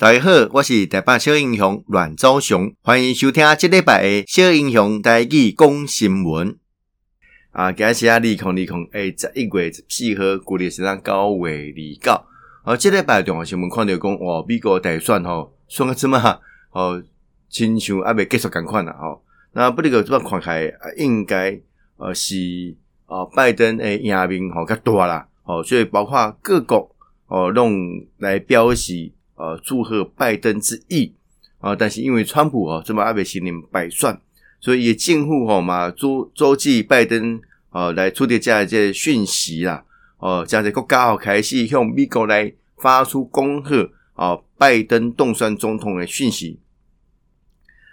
大家好，我是台北小英雄阮昭雄，歡迎收聽這禮拜誒小英雄台語講新聞。啊，今日啊利空利空誒，只、欸、十一月十四號舊曆是咱九月二十九。哦、啊，這禮拜重要新聞看到講，哇，美國大選吼，雙子嘛，吼親像猶未結束共款啦吼。那不哩個主要看起來，應該，呃，是，呃、拜登誒，贏面吼較大啦，吼、哦、所以包括各國，吼、哦、攏來表示。呃，祝賀拜登之意啊，但是因為川普啊這麼還沒承認敗選，所以政府、啊、也近乎吼嘛，阻阻止拜登呃、啊、來傳遞即個這些訊息啦、啊，哦、啊，即個國家哦、啊、開始向美國來發出恭賀啊，拜登當選總統的訊息。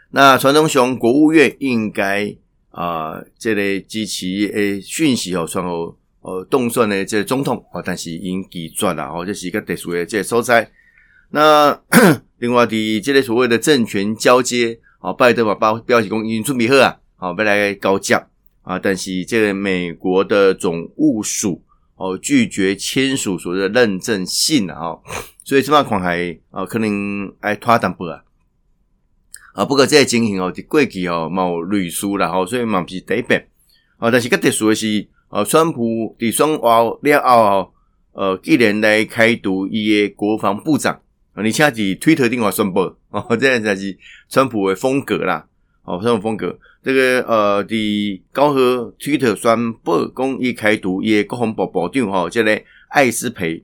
那傳統上國務院應該啊，這類、個、支持誒訊息哦、啊，傳哦呃，當選的這個總統哦、啊，但是已經拒絕啦，哦，這是一個特殊的這所在。那 另外的，這類所謂的政權交接，哦，拜登把把表達已經準備好啊，好、哦，未來交接啊，但是這個美國的總務署哦拒絕簽署所謂的認證信啊，所以這塊還啊，可能還拖淡薄啊，啊，不過這些情形哦，在過去哦，毛綠書了哈、哦，所以毛不是第一本啊，但是個特殊的是，呃、啊，川普的雙娃廖奧，呃、啊，一年來開除伊個國防部長。而且在佇 Twitter 頂話宣布哦，這個才是川普的風格啦，哦，川普風格。這個呃的高和 Twitter 宣布，公益開讀，也國防部部長哈、哦，這個艾斯培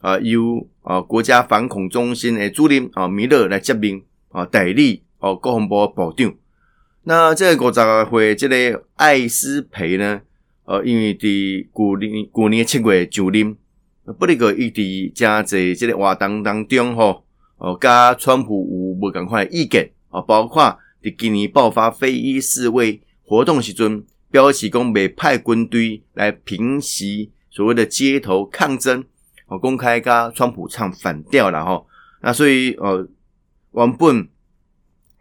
啊、呃、由啊、呃、國家反恐中心的主任啊、呃、米勒來接任啊、呃、代理啊、呃、國防部部長。那這個五十歲這個艾斯培呢，呃，因為佇古年古年七月就任。不離個，伊佇真在即個活動當中吼，哦，加川普有無共款的意見哦，包括佇今年爆發非裔示威活動時陣，表示講未派軍隊來平息所謂的街頭抗爭，哦，公開加川普唱反調了吼。那所以，呃，原本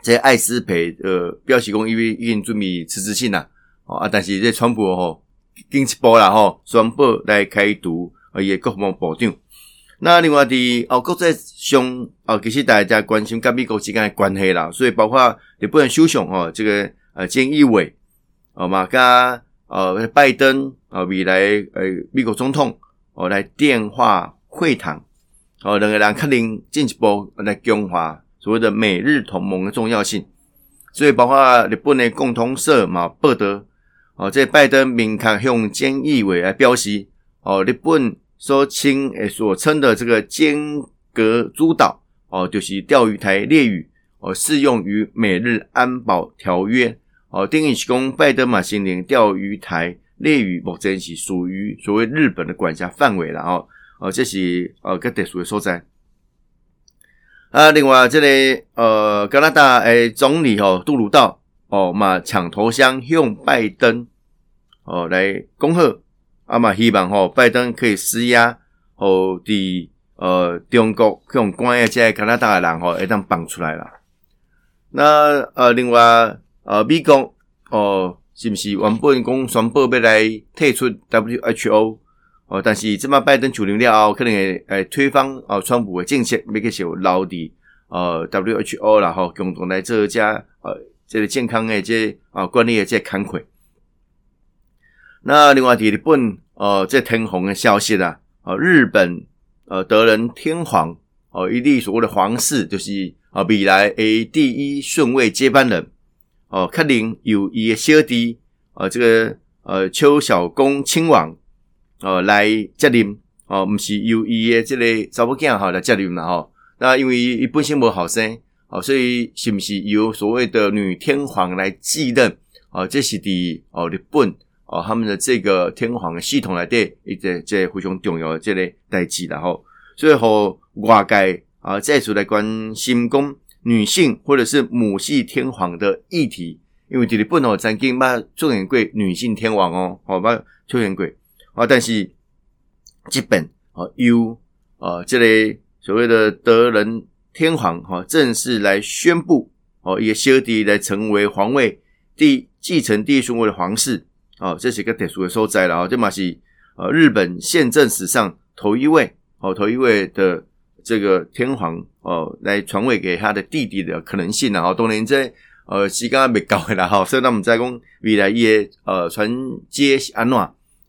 在艾斯培呃，表示講因為已經準備辭職信啦，哦，但是這川普吼、哦，進一步了吼，宣布來開除。也國防部長，那另外的哦，國際上、哦、其實大家關心跟美國之間的關係啦，所以包括日本首相哦，這個呃，菅義偉，好、哦、嘛，加呃、哦，拜登啊、哦，未來呃，美國總統哦，來電話會談，哦，兩個人確定進一步來強化所謂的美日同盟的重要性，所以包括日本的共同社嘛，報導哦，這個、拜登明確向菅義偉來表示哦，日本。說清，誒，所稱的這個尖閣諸島，哦，就是釣魚台列嶼，哦，適用於美日安保條約，哦，定義是公拜登馬英九釣魚台列嶼目前是屬於所謂日本的管轄範圍了，哦，哦，這是，呃，個特殊的所在。啊，另外這裡、個，呃，加拿大，誒，總理，哦，杜魯道，哦，嘛搶頭香，向拜登，哦，來恭賀。啊嘛，希望吼，拜登可以施壓，和的呃，中國向關係在加拿大嘅人吼，會當放出來啦。那呃，另外呃，美國哦，是不是原本講宣布要來退出 WHO？哦，但是即擺拜登處理了，可能會誒推翻哦，川普嘅政策，要繼續留在呃 WHO，然後共同來做即呃，即個健康嘅即啊，管理嘅即工作。那另外的日本，呃，這天皇的消息啦、啊，呃，日本，呃，德仁天皇，呃，一例所謂的皇室，就是呃，未來誒第一順位接班人，呃，克林由伊的小弟，呃，這個，呃，秋筱宮親王，呃，來接任，哦、呃，不是由伊的這類查某囝仔哈來接任啦，哈、哦。那因為伊本身無好生，呃，所以是不是由所謂的女天皇來繼任？哦、呃，這是在，呃，日本。哦，他們的這個天皇的系統來對，一在在非常重要的這類代志，然後，所以外界啊，再次來關心公女性或者是母系天皇的議題，因為這裡本來曾經把秋元貴女性天皇哦，好、哦、吧，秋元貴啊，但是基本哦、啊，由啊這類所謂的德仁天皇哈、啊，正式來宣布哦，也休帝來成為皇位第繼承第一順位的皇室。哦，這是個特殊的所在啦。啊！這嘛是呃日本憲政史上頭一位哦，頭一位的這個天皇哦來傳位給他的弟弟的可能性啦。哦，當然在呃時間未夠啦哈、哦，所以他們在講未來伊的呃傳接安怎，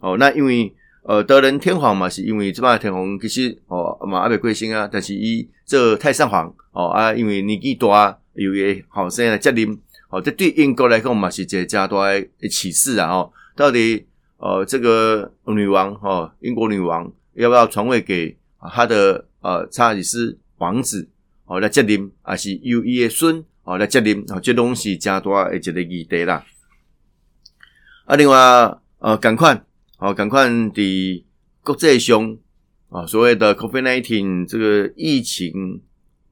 哦。那因為呃德仁天皇嘛，是因為這把天皇其實哦嘛猶未過身啊，但是伊這太上皇哦啊，因為年紀大有，有些好生的責任。好，這對英國來講，嘛是一個很大的啟示啊！哦，到底呃，這個女王哦、呃，英國女王要不要傳位給她的呃，查理斯王子哦、呃、來接任，還是由伊的孫哦、呃、來接任？哦，這都是很大的，一個疑點啦。啊，另外呃，趕快哦，趕、呃、快！在國際上啊，所謂的 COVID-19 這個疫情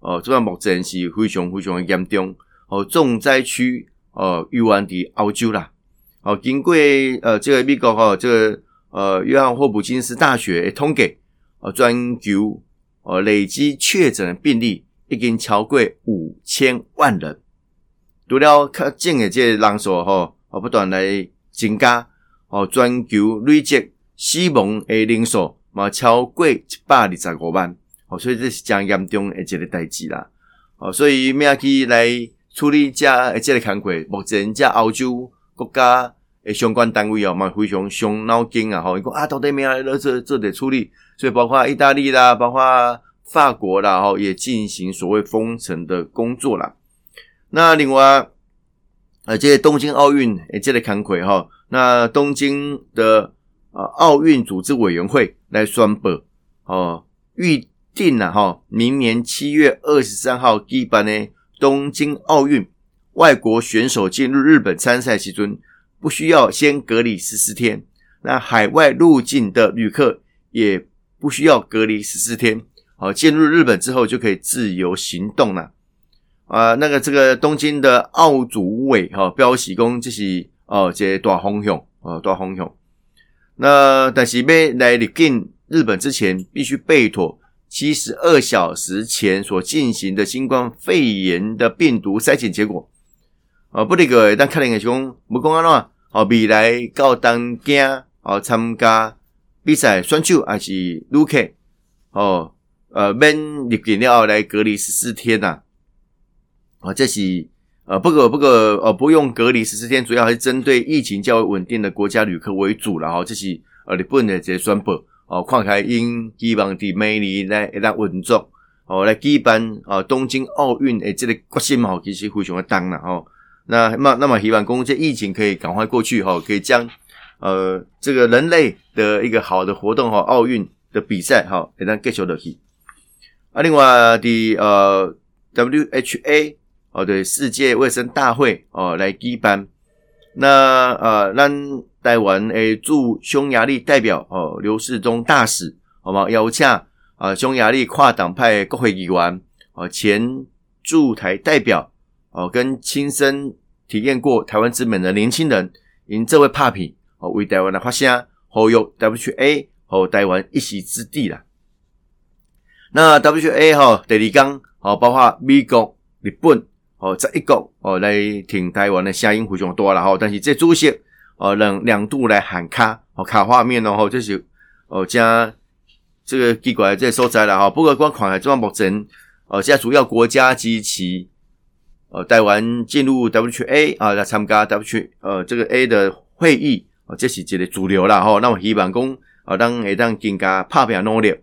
哦，這、呃、段目前是非常非常的嚴重。哦，重災區哦，猶原佇歐洲啦。哦，經過呃，這個美國哈、哦，這個呃，約翰霍普金斯大學統計，哦，全球哦，累積確診病例已經超過五千萬人。除了，確診的這個人數哈，哦，不斷來增加。哦，全球累計死亡的人數嘛，超過一百二十五萬。哦，所以這是真嚴重的一個代志啦。哦，所以明天來。處理這這個情況，目前這歐洲國家的相關單位哦，嘛非常傷腦筋啊！吼，你說啊，到底咩啊這這得的處理？所以包括意大利啦，包括法國啦，吼，也進行所謂封城的工作啦。那另外啊，這些東京奧運這個情況，哈，那東京的啊，奧運組織委員會來宣布哦，預定了哈，明年七月二十三號舉辦呢。東京奧運，外國選手進入日本參賽期間，不需要先隔離十四天。那海外入境的旅客也不需要隔離十四天，好、哦，進入日本之後就可以自由行動了。啊，那個這個東京的奧組委哈、哦、表示講這是哦，這個、大方向哦，大方向。那但是要來離境日本之前必須備妥。七十二小時前所進行的新冠肺炎的病毒篩檢結果啊，不的個，當看了個新聞，我們公告啦啊，未來到東京啊參加比賽選手還是旅客哦，呃，免入境來隔離十四天吶啊，這是呃，不可不可哦，不用隔離十四天，主要還是針對疫情較為穩定的國家旅客為主了哈，這是呃，你不能直接宣布。哦，看起來因希望佇明年來會當穩作，哦來舉辦哦東京奧運誒，這個決心哦其實非常誒重啦吼、哦。那麼，那麼希望講這疫情可以趕快過去吼、哦，可以將呃這個人類的一個好的活動吼，奧、哦、運的比賽吼會當繼續落去。啊，另外的呃 W H A 哦，對世界衛生大會哦來舉辦，那呃讓。咱台灣誒駐匈牙利代表哦劉世忠大使，好嗎？邀請啊匈牙利跨黨派國會議員哦前駐台代表哦跟親身體驗過台灣之美的年輕人，因這位帕皮哦為台灣的發聲，呼籲 WHA 和台灣一席之地了。那 WHA 哈第二天哦包括美國、日本哦十一國哦來聽台灣的聲音非常多了哈，但是這主席。呃，兩兩度來喊卡哦，卡畫面咯、哦、吼，就是呃，加這，這個奇怪這個所在啦吼。不、哦、過我看係裝木陣哦、加、呃、主要國家支持呃，台灣進入 WHA 啊、呃、來參加 W 呃這個 A 的會議哦、呃，這是一個主流啦吼。那、哦、麼希望講呃，咱會當更加拍拼努力。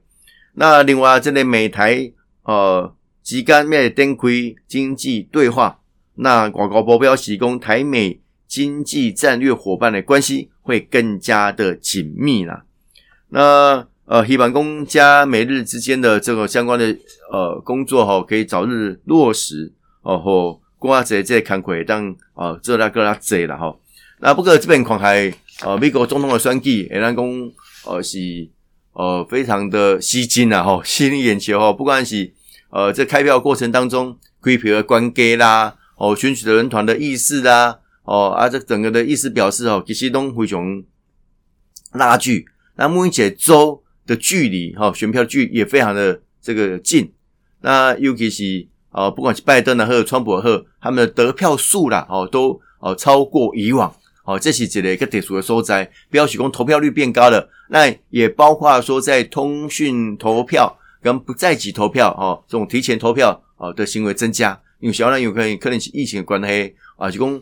那另外，這裡美台呃，之間咩展開經濟對話，那外國目標是講台美。經濟戰略夥伴的關係會更加的緊密啦。那呃，日本公加美日之間的這個相關的呃工作吼，可以早日落實哦。和公阿姐在看鬼，但呃，這拉個拉賊了哈。那不過這邊看還呃，美國總統的選舉，雖然講呃是呃非常的吸睛啦哈，吸、哦、引眼球哦。不管是呃在開票過程當中，批評和關格啦哦，選舉的人團的意識啦。哦啊，這整個的意思表示哦，其實都非常拉鋸，那目前州的距離哈、哦，選票距離也非常的這個近。那尤其是哦，不管是拜登的和川普的，他們的得票數啦，哦都哦超過以往。哦，這是一的一個特殊的所在，不要只講投票率變高了，那也包括說在通訊投票跟不在籍投票哈、哦，這種提前投票啊、哦、的行為增加，因為顯然有可能可能是疫情的關係啊，就講。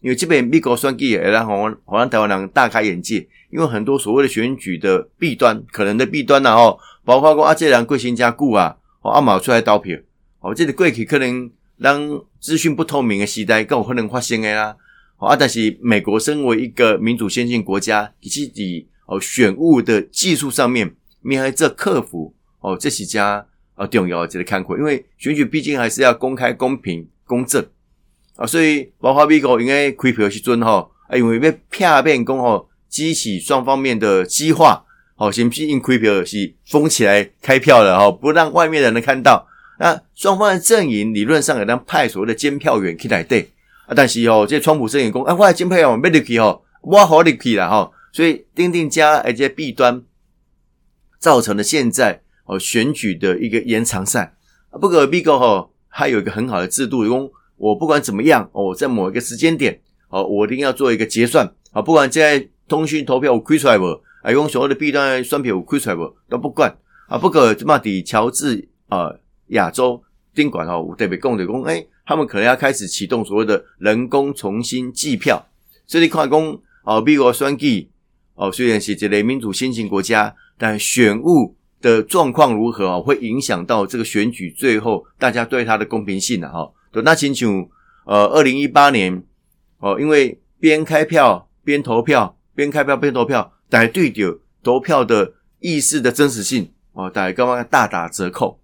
因為這邊美國選舉也讓讓台灣人大開眼界，因為很多所謂的選舉的弊端，可能的弊端吶，哦，包括說阿杰人貴先加固啊，哦阿毛出來倒票，哦、啊，這是、個、貴去可能讓資訊不透明的時代更有可能發生的啦、啊，啊但是美國身為一個民主先進國家，以及以哦選務的技術上面，面還這克服哦、啊、這幾家啊動搖，值得看過，因為選舉畢竟還是要公開、公平、公正。啊，所以包括美國應該開票的時候哈，因為要避免講哦，激起雙方面的激化，哦、啊，是不是因開票是封起來開票了哈、啊，不讓外面的人看到。那雙方的陣營理論上有當派所謂的監票員進來對，啊，但是哦、啊，這川普陣營講，啊，我監票員沒得去哈、啊，我好得去啦、啊、所以釘釘加一些弊端，造成了現在哦、啊、選舉的一個延長賽。不過美國哈，它、啊、有一個很好的制度用。我不管怎麼樣，我、哦、在某一個時間點，好、哦，我一定要做一個結算，好、哦，不管現在通訊投票有開出來不，哎、啊，用所謂的弊端算票有開出來不，都不管，啊，不過嘛底喬治啊，亞、呃、州賓館哦，我特別講的講，他們可能要開始啟動所謂的人工重新計票，所以你看講，哦，美國選舉，哦，雖然是這類民主新型國家，但選務的狀況如何、哦、會影響到這個選舉最後大家對它的公平性啊。哦那請請呃，二零一八年哦、呃，因為邊開票邊投票，邊開票邊投票，來對照投票的意識的真實性哦，大家剛剛大打折扣。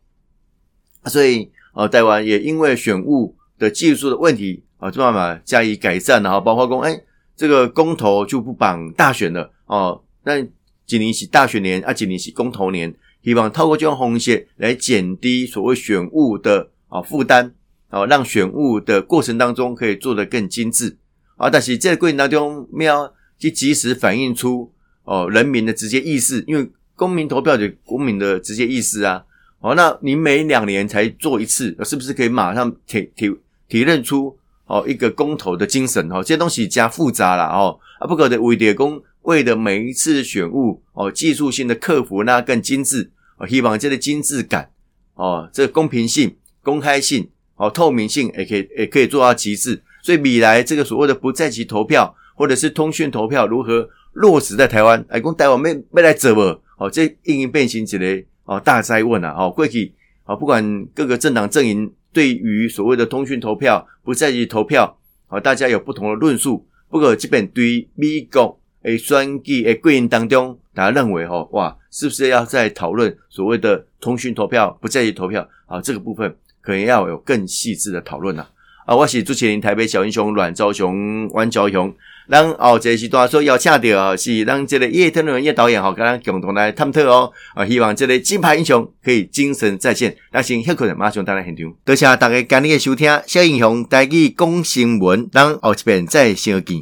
所以呃台灣也因為選務的技術的問題啊、呃，就慢慢加以改善，然後包括說，哎、欸、這個公投就不綁大選了哦，那、呃、幾年是大選年啊，幾年是公投年，希望透過這種紅線來減低所謂選務的啊負擔。呃哦，讓選務的過程當中可以做得更精致啊！但是這個過程當中沒有去及時反映出哦人民的直接意識，因為公民投票是公民的直接意識啊！哦，那你每兩年才做一次，啊、是不是可以馬上體體體認出哦一個公投的精神？哦，這東西加複雜啦哦了哦啊！不可的，為的公為的每一次選務哦，技術性的克服那更精致哦，希望這個精致感哦，這個、公平性、公開性。哦，透明性也可以也可以做到極致，所以未來這個所謂的不在籍投票，或者是通訊投票如何落實在台灣？哎，公台灣沒沒來者不？哦，這應運變形起來哦，大哉問啊！哦，過去哦，不管各個政黨陣營對於所謂的通訊投票、不在籍投票，哦，大家有不同的論述。不過，基本對於美國的選舉的過程當中，大家認為哈、哦、哇，是不是要再討論所謂的通訊投票、不在籍投票啊、哦？這個部分，可能要有更細緻的討論啦，啊，我是主持人，台北小英雄阮昭雄、阮昭雄，咱後一個時段所邀請的是咱這個葉天倫葉導演哦，跟咱共同來探討哦，啊，希望這個金牌英雄可以精神再現，但是很可能馬上當然現場。多謝大家今日的收聽，小英雄台語講新聞，咱後一遍再相見。